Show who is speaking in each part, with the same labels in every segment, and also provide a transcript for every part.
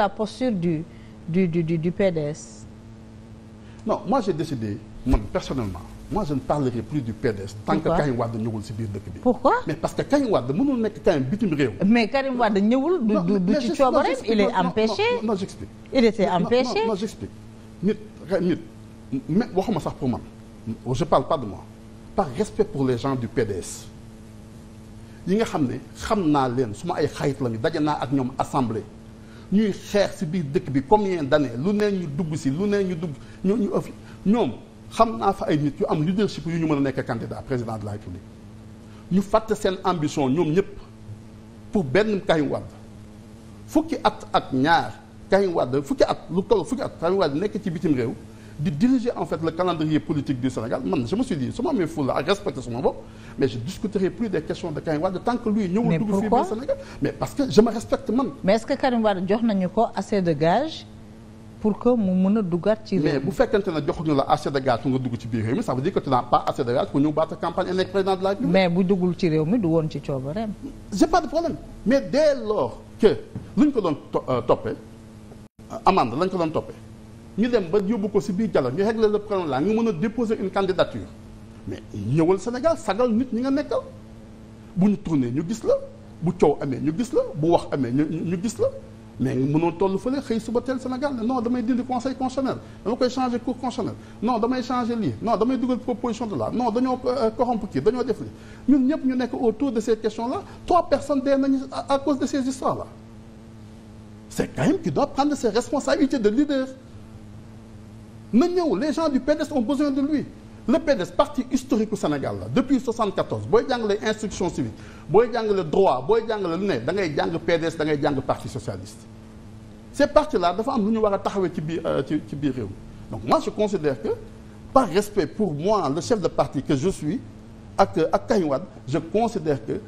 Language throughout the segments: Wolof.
Speaker 1: la posture du du du du, du PDS
Speaker 2: non moi j'ai décidé man personnellement moi je ne plus du PDS. tant que Karim Wade ñëwul ci biir dëkk bi. pourquoi mais parce que Karim Wade mënul nekk Karim bitim réew. mais Karim Wade ñëwul. du du ci coobareem il est il était empêché non non j'explique. nit waxuma sax pour man je parle pas de moi par respect pour les gens du PDS yi nga xam ne xam naa leen su ma ay xarit lañu daje naa ak ñoom assemblée. ñuy xeex si biir dëkk bi comme combien d'années lu ne ñu dugg si lu ne ñu dugg ñu ñu ëf ñoom xam naa fa ay nit yu am leadership yu ñu mën a nekk candidat président de la république ñu fàtte seen ambition ñoom ñëpp pour benn Karim Wade fukki at ak ñaar Karim Wade fukki at lu toll fukki at Karim Wade nekk ci bitim réew di diriger en fait le calendrier politique du Sénégal man je me suis dit su ma amee fulla ak respecté suma bopp mais je discuterai plus des questions de
Speaker 1: Karim Wade tant que lui ñëwul dugg fii biir Sénégal mais parce que je me respecte man mais est que Karim jox nañu ko assez de gage pour que mu mën a duggat ci réew mais bu
Speaker 2: fekkente ne joxuñu la assez de gage pour nga dugg ci biir réew mi ça veut dire que tu n'as pas assez de gage pour ñëw la République mais bu ñu dem ba yóbbu ko si biir jalal ñu régler la problème là nga mën a déposer une candidature mais ñëwal Sénégal sagal nit ñi nga nekkal bu ñu tourné ñu gis la bu coow amee ñu gis la bu wax amee ñu ñu gis la mais mënoo toll fële xëy suba teel Sénégal ne no damay dindi conseil constitutionnel dama koy changer cour constitutionnel non damay changer lii non damay dugal proposition de loi non dañoo euh, corrompre kii dañoo def li ñun ñëpp ñu nekk autour de ces questions là trois personnes dee nañu à cause de ces histoires là c'est quand même qui doit prendre ses responsabilités na ñëw les gens du PDS ont besoin de lui le PDS parti historique au Sénégal la depuis 74 booy jàngale instruction civique booy jàngale droit booy jàngale lu ne da ngay jàng PDS da jàng parti socialiste ces partis la dafa am lu ñu war a taxawee ci biir euh, ci ci biir réew donc moi je considère que par respect pour moi le chef de parti que je suis ak ak Karim je considère que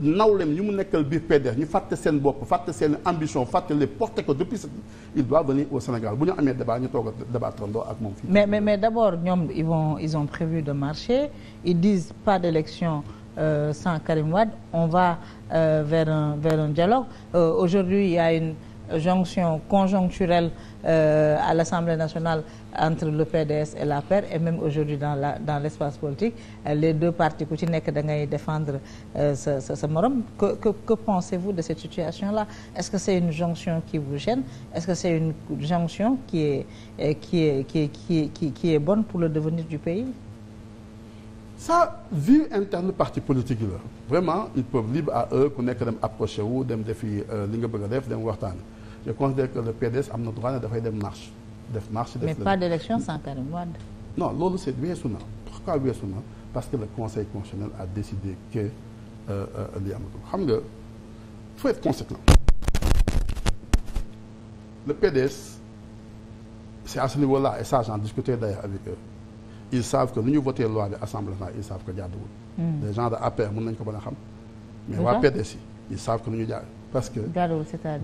Speaker 2: nawleem ñi mu nekkal biir PDS ñu fàtte seen bopp fàtte seen ambition fàtte les porté ko depuis ce il doit venir au Sénégal bu ñu amee débat ñu toog a débattrandoo ak moom
Speaker 1: fii mais d'abord ñoom ils vont ils ont prévu de marcher ils disent pas d'élection euh, sans Karim Wade on va euh, vers un vers un dialogue euh, aujourd'hui y a une jonction conjoncturelle euh, à l'Assemblée nationale entre le PDS et la l'APR e et même aujourd'hui dans la dans l'espace politique euh, les deux partis ku ci nekk da ngay défendre euh, sa sa sa morom que que que pensez-vous de cette situation-là est-ce que c'est une jonction qui vous gêne est-ce que c'est une jonction qui est euh, qui est qui est qui est, qui, qui est bonne pour le devenir du pays
Speaker 2: ça vie interne parti politique yi la vraiment ils peuvent libre à eux ku ne dem approché wu dem defi li nga bëgg a def dem waxtaan je considère que le PDS am na droit ne dafay dem marche def marche. def mais pas
Speaker 1: d'élection sans Karim Wade.
Speaker 2: non loolu c'est weesu na pourquoi weesu parce que le conseil constitutionnel a décidé que euh, euh, li amatul xam nga il faut être conséquent le d c'est à ce niveau-là et ça j'en discutais d'ailleurs avec eux ils savent que lu ñu voté loi de assemblée nationale ils savent que jaaduwul. Hmm. les gens de APR mën nañu ko mën a xam.
Speaker 1: mais waa PDS
Speaker 2: yi ils savent que lu ñu jaar parce que.
Speaker 1: jaaduwul cest à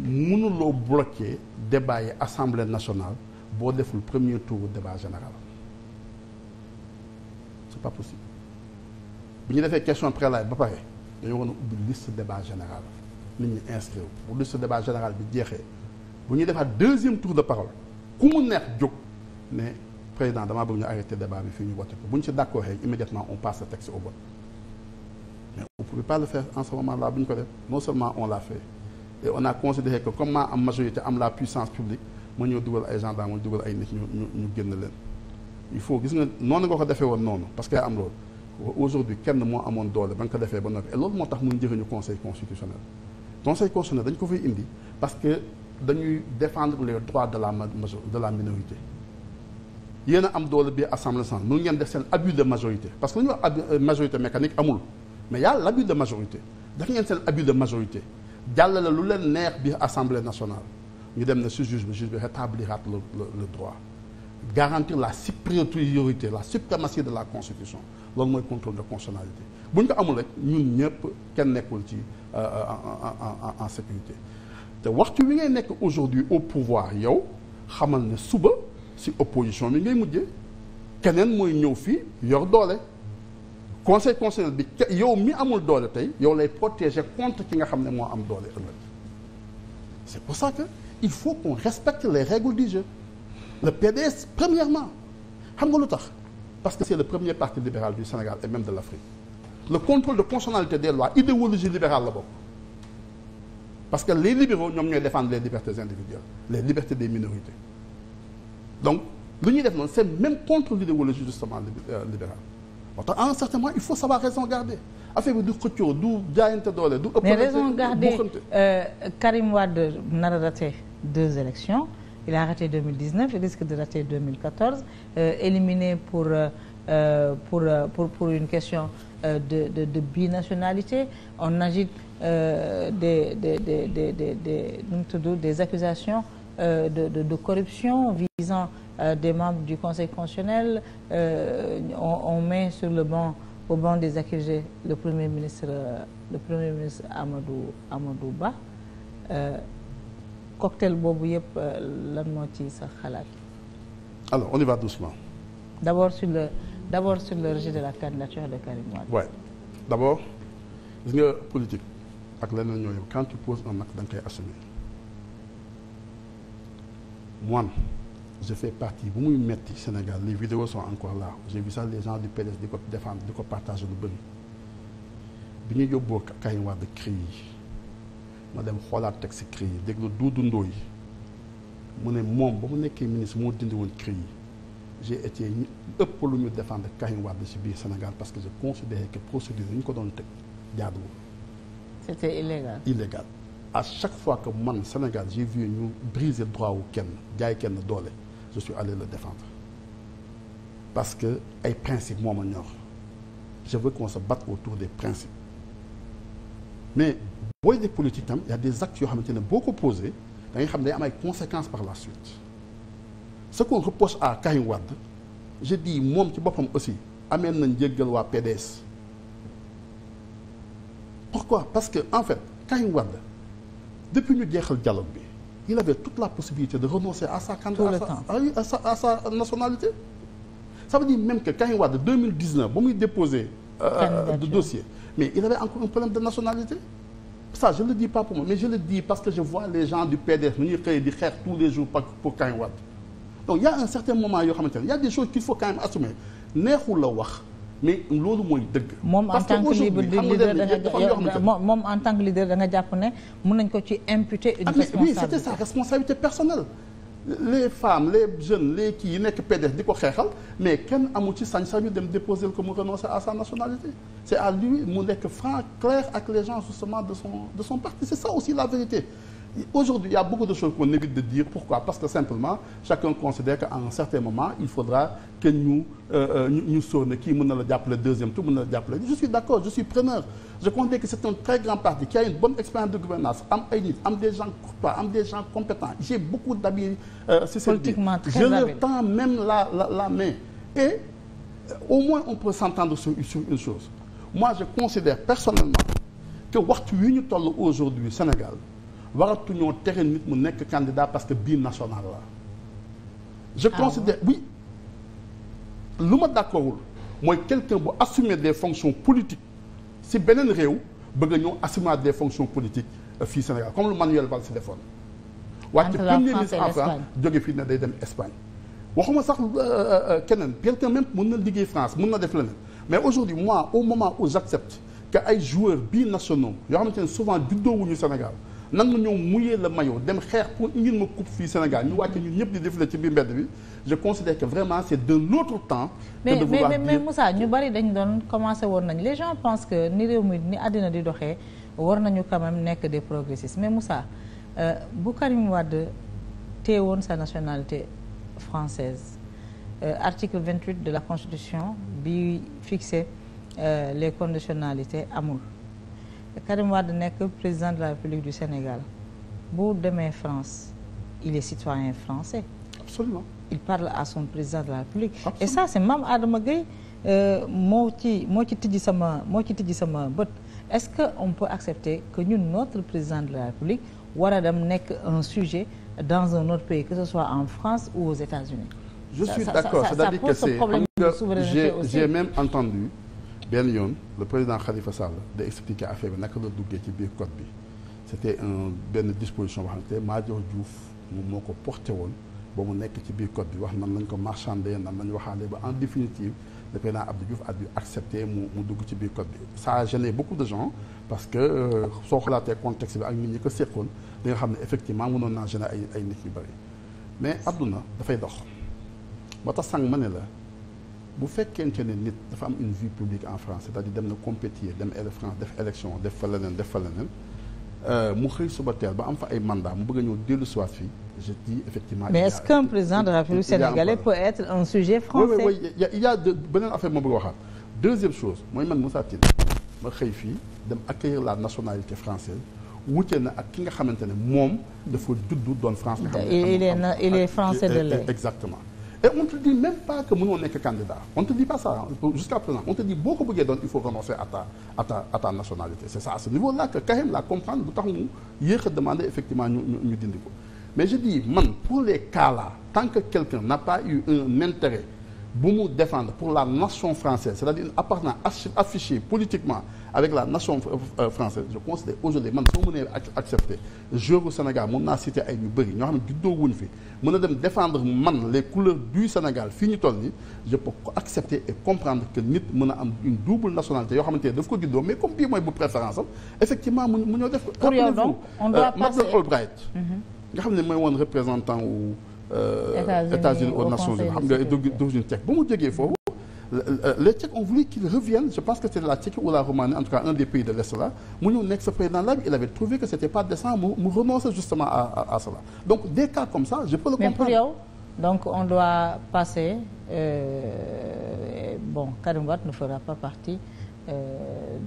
Speaker 2: mënuloo bloquer débat yi assemblée nationale boo deful premier tour débat général c'est pas possible bu ñu defee question préalable ba pare dañoo war a ubbi liste débat général nit ñi inscrire bu liste débat général bi jeexee bu ñu defaat deuxième tour de parole ku mu neex jóg ne président damaa bëgg ñu arrêté débat bi fi ñu voté ko bu ñu ci d'accord rek immédiatement on passe le texte au vote mais on pouvait pas le faire en ce moment bu ñu ko def non seulement l'a fait on a considéré que comme maa am majorité am la puissance publique ma ñëw dugal ay gendarme ma dugal ay nit ñu ñu ñu génn leen il faut gis nga noonu nga ko defee woon noonu parce que yaa am loolu aujourd'hui kenn moo amoon doole ba nga ko defee ba noppi et loolu moo tax muy njëriñu conseil constitutionnel conseil constitutionnel dañ ko fay indi parce que dañuy défendre les droits de la majo de la minorité yéen a am doole biir assemblée nationale mënu ngeen def seen abus de majorité parce que lu ñuy wax euh, majorité mais y a l'abus de majorité seen abus de majorité jàllale lu leen neex bi assemblée nationale ñu dem ne si juge bi juge bi rétablirat le le droit garantir la supériorité la suprématie de la constitution loolu mooy contrôle de constitutionnalité bu ñu ko amul rek ñun ñëpp kenn nekkul ci euh, euh, en en sécurité te waxtu wi ngay nekk aujourd'hui au pouvoir yow xamal ne suba si opposition bi ngay mujjee keneen mooy ñëw fii yor doole. conseil constitutionnel bi yow mi amul doole tey yow lay protéger contre ki nga xam ne moo am doole ëllëg c'est pour ça que il faut qu'on respecte les règles du jeu le PDS premièrement xam nga lu tax parce que c'est le premier parti libéral du Sénégal et même de l'Afrique le contrôle de constitutionnalité des lois idéologie libérale la bokk parce que les libéraux ñoom ñooy défendre les libertés individuelles les libertés des minorités donc lu ñuy def noonu c'est même contre l'idéologie justement euh, libérale moo en certain moment il faut savoir raison garder affaire bi du xëccoo du jaayante doole du. ëpp mais raison garder
Speaker 1: euh, Karim Wade nar a raté deux élections il a raté 2019 il risque de rater 2014 euh, éliminé pour euh, pour pour pour une question de de de binationalité on agite des des des des des des nu mu tudd des accusations de de de corruption visant. Euh, des membres du conseil constitutionnel euh, on, on met sur le banc au banc des accusés le premier ministre euh, le premier ministre Amadou Amadou Ba cocktail boobu yëpp lan moo ci sa xalaat.
Speaker 2: alors on y doucement.
Speaker 1: d' abord sur le d' abord sur le rejet de la candidature de Karim Wade.
Speaker 2: Ouais. d' abord gis nga politique ak leneen ñoo yem quand tu poses un acte da nga koy je fais partie bu muy metti Sénégal les vidéos sont encore là j'ai vu ça les gens du PDS di ko défendre di ko partager lu bëri bi ñu yóbboo Karim Wade CREI yi ma dem xoolaat teg si CREI yi déglu Doudou Ndoye mu ne moom ba mu nekkee ministre moo dindi woon CREI yi j'ai été ñu ëpp lu ñu défendre Karim Wade si biir Sénégal parce que je considérais que procédure yi ñu ko doon teg jaaduwul
Speaker 1: c'était illégal
Speaker 2: illégal à chaque fois que man Sénégal j'ai vu ñu briser droit wu kenn jaay kenn doole je suis allé le défendre parce que ay principe moom ma ñor je veux qu'on se batte autour des principes mais booy def politique tam y a des yoo xamante ne boo ko posé da xam ne day am ay conséquences par la suite ce qu'on reproche à Karim Wade je dis moom ci boppam aussi amee nañ jéggal waa PDS pourquoi parce que en fait Karim Wade depuis ñu jeexal dialogue bi il avait toute la possibilité de renoncer à sa candidature à sa à sa nationalité ça veut dire même que Karim Wade 2019 ba muy déposer euh, de dossier mais il avait encore un problème de nationalité ça je le dis pas pour moi mais je le dis parce que je vois les gens du PDS nu ñuy xëy di xeex tous les jours pour Karim donc il y a un certain moment yoo xamante ne y a des choses qu'il faut quand même assumer neexul la wax mais loolu mooy dëgg. parce que aujourd'hui xam
Speaker 1: nga moom en tant que leader da nga jàpp ne mën nañ ko ci imputer une ah, responsabilité oui c'était sa
Speaker 2: responsabilité personnelle. les femmes les jeunes les kii yi nekk PDS di ko xeexal mais kenn amul ci sañ-sañu dem déposer ko mu renoncer à sa nationalité c'est à lui mu nekk franc clair ak les gens justement de son de son parti c'est ça aussi la vérité. Aujourd'hui, y a beaucoup de choses qu'on évite de dire. Pourquoi Parce que simplement, chacun considère qu'à un certain moment, il faudra que nous euh, euh, ñu sonn kii mën na la jàppale deuxième tour mën na la jàppale je suis d'accord je suis preneur je considère que c'est un très grand parti qui a une bonne expérience de gouvernance am ay nit am des gens courtois am des gens compétents j'ai beaucoup d'amis euh, la la et euh, au moins on peut s'entendre sur, sur une chose moi je considère personnellement que waxtu wi ñu toll aujourd'hui waratu waratuñoo tere nit mu nekk candidat parce que bii national la je ah considère oui lu ma d'accordul mooy quelqu'un bu assumer des fonctions politiques si beneen réew bëgg a ñëw assumer des fonctions politiques euh, fii Sénégal comme lu Manuel Valls defoon wàcc premier ministre en France fii ne day dem Espagne waxuma sax euh, euh, keneen quelqu'un même mun na liggéey France mën na def leneen mais aujourd'hui moi au moment où j'accepte que ay joueurs binationaux yoo xamante ne souvent juddoowuñu Sénégal nan nangu ñëw mouiller le maillot dem xeex pour indil ma coupe fii Sénégal ñu wàcc ñun ñëpp di la ci biir mbedd bi je considère que vraiment c' est de notre
Speaker 1: temps. mais, de vouloir mais mais ñu bari dañ doon commencé woon nañ les gens que ni réew mi ni àddina di doxee war nañu quand nekk des progressistes mais musaa euh, bu Karim Wade woon sa nationalité française euh, article 28 de la constitution bi fixé euh, les conditionnalités amul. Karim de nekk président de la République du Sénégal bu demee France il est citoyen français. absolument il parle à son président de la République. Absolument. et ça c'est Mame Adama Gueye euh, moo ci moo ci tijji sama moo ci tijji sama bët est-ce que on peut accepter que ñun notre président de la République war a dem nekk un sujet dans un autre pays que ce soit en France ou aux États-Unis je suis d'accord c'est-à-dire que c'est j'ai j'ai même
Speaker 2: entendu benn yoon le président Khalifa Sall da expliqué affaire bi naka la duggee ci biir code bi c' était un benn disposition boo xam ne Madior Diouf moom moo ko porté woon ba mu nekk ci biir code bi wax nan nañ ko marchandé nan lañ waxaale ba en définitive le président Abdou Diouf a dû accepter mu mu dugg ci biir code bi. ça a gêné beaucoup de gens parce que euh, soo xalaatee contexte bi ak nit ñi ko seqoon di nga xam ne effectivement mënoon naa gêné ay ay nit yu bari mais àdduna dafay dox tax sànq ma ne la. bu fekkente ne nit dafa am une vie publique en France c'est-à-dire dem na compétir dem ele France def élection def fa leneen def fa leneen euh, mu xëy suba teel ba am fa ay mandat mu bëgg a ñëw dellu soit fii je dis effectivement. mais est-ce
Speaker 1: qu'un président de la République sénégalaise peut a
Speaker 2: beneen affaire bëgg a waxaat. deuxième chose mooy man Moussa Tine ma xëy fii dem accueillir la nationalité française wute na ak ki nga xamante ne moom dafa juddu doon France. nga xam ne il est il est français de lait exactement. et on te dit même pas que mënoo nekk candidat on te dit pas ça jusqu'à présent on te dit boo ko bëggee doon il faut renoncer à ta à ta à ta nationalité c'est ça à ce niveau là que Karim la comprendre lu tax mu yéex a demander effectivement ñu ñu dindi ko mais je dis man pour les cas tant que quelqu'un n'a pas eu un intérêt bu mu défendre pour la nation française c'est-à-dire une appartenance affichée politiquement avec la nation euh, euh, française je considère aujourd'hui man soo mënee accepter joueur Sénégal mën naa citer ay ñu bëri ñoo xam ne juddoowuñ fi mën a dem défendre man les couleurs du Sénégal fii ñu toll nii je peux accepter et comprendre que nit mën a am une double nationalité yoo xamante ne daf ko juddoo mais comme bii mooy bu préférence am effectivement mu ñoo def. Euh, États-Unis aux Nations Unies xam nga d'origine tchèque ba mu jógee foofu les Tchèques ont voulu qu'il revienne je pense que c'était la Tchéquie ou la Roumanie en tout cas un des pays de l'Est là mu ñëw nekk sa président là il avait trouvé que c'était pas décent mu mu renoncer justement à, à à donc des cas comme ça je peux le comprendre.
Speaker 1: on doit euh, bon Karim Wade ne fera pas partie euh,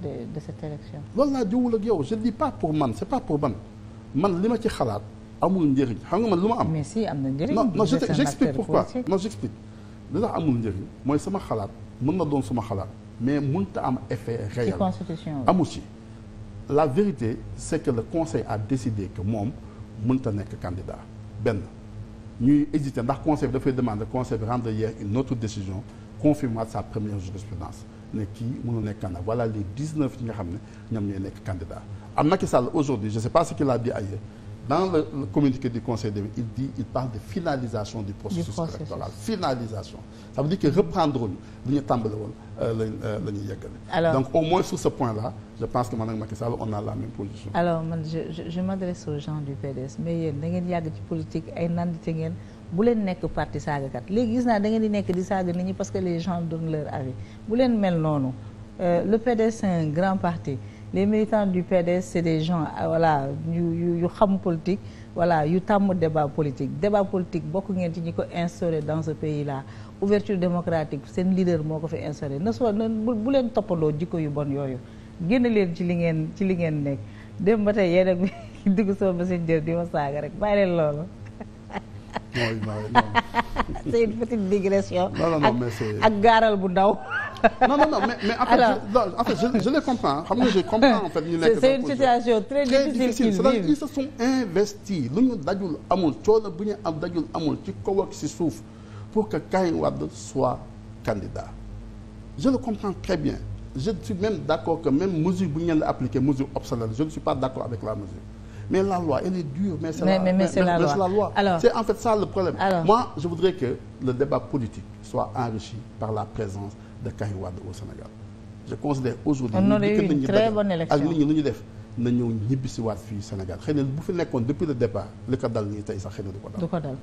Speaker 1: de de cette élection.
Speaker 2: loolu laa jiwul ak yow je dis pas pour man c'est pas pour man man li ma ci xalaat. amul njëriñ xam nga man lu ma am.
Speaker 1: mais si am na njëriñ. non non je t' explique pourquoi
Speaker 2: non j' li tax amul njëriñ mooy sama xalaat mën na doon sama xalaat mais mun mënta am effet réel. ci
Speaker 1: constitution amu
Speaker 2: ci. la vérité c' que le conseil a décidé que moom mun ta nekk candidat benn ñuy hésiter ndax conseil bi dafay demander conseil bi rendre hier une autre décision confirmant sa première jurisprudence ne kii mënul nekk candidat voilà les dix neuf ki nga xam ne ñoom ñooy nekk candidat am Macky Sall aujourd'hui je sais pas ce a dans le, le communiqué du conseil de il dit il parle de finalisation du processus, du finalisation ça veut que reprendre wuñu li ñu tàmbale woon euh, euh, la ñuy yeggale donc au moins sur ce point là je pense
Speaker 1: alors man je, m'adresse aux gens du PDS mais yéen da ngeen yàgg ci politique ay nandite ngeen bu leen nekk parti saagakat léegi gis naa da ngeen di nekk di saaga nit ñi parce que les gens donnent leur avis bu leen mel noonu euh, le PDS c'est un grand parti les militants du PDS c'est des gens euh, voilà yu yu xam politique voilà yu tàmm débat politique débat politique bokk ngeen ci ñi ko instauré dans ce pays là ouverture démocratique seen leader moo ko fi instauré ne soit bu leen toppandoo jikko yu bon yooyu génn leen ci li ngeen ci li ngeen nekk dem ba tey yéen ak dugg sama messenger di ma saaga rek bàyyi leen loolu c'est une petite digression ak gaaral bu ndaw non non non mais mais en je,
Speaker 2: en fait je, je nga je comprends en fait. ñu nekk c'est une situation
Speaker 1: très difficile c'est-à-dire
Speaker 2: se sont investis lu ñu dajul amul coono bu ñu am dajul amul ci kaw si suuf pour que Karim Wade soit candidat je le comprends très bien je suis même d'accord que même mesure bu ñu leen appliquer mesure optionnelle je ne suis pas d'accord avec la mesure mais la loi elle est dure mais la, mais, mais c'est en fait ça le problème alors, je voudrais que le par la présence de Karim Wade au Sénégal je considère aujourd'hui ak nit ñi nu ñu def na ñëw ñibbisi waat fii Sénégal xëy na bu fi nekkoon depuis le départ li ko dal nii tey sax xëy na du
Speaker 1: ko dal